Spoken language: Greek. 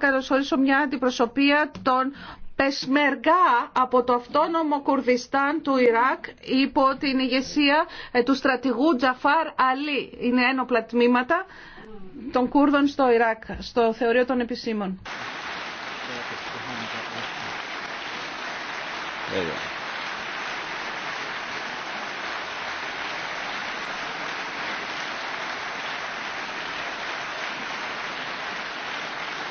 καλωσορίσω μια αντιπροσωπεία των Πεσμεργά από το αυτόνομο Κουρδιστάν του Ιράκ υπό την ηγεσία ε, του στρατηγού Τζαφάρ Αλή. Είναι ένοπλα τμήματα των Κούρδων στο Ιράκ, στο θεωρείο των επισήμων.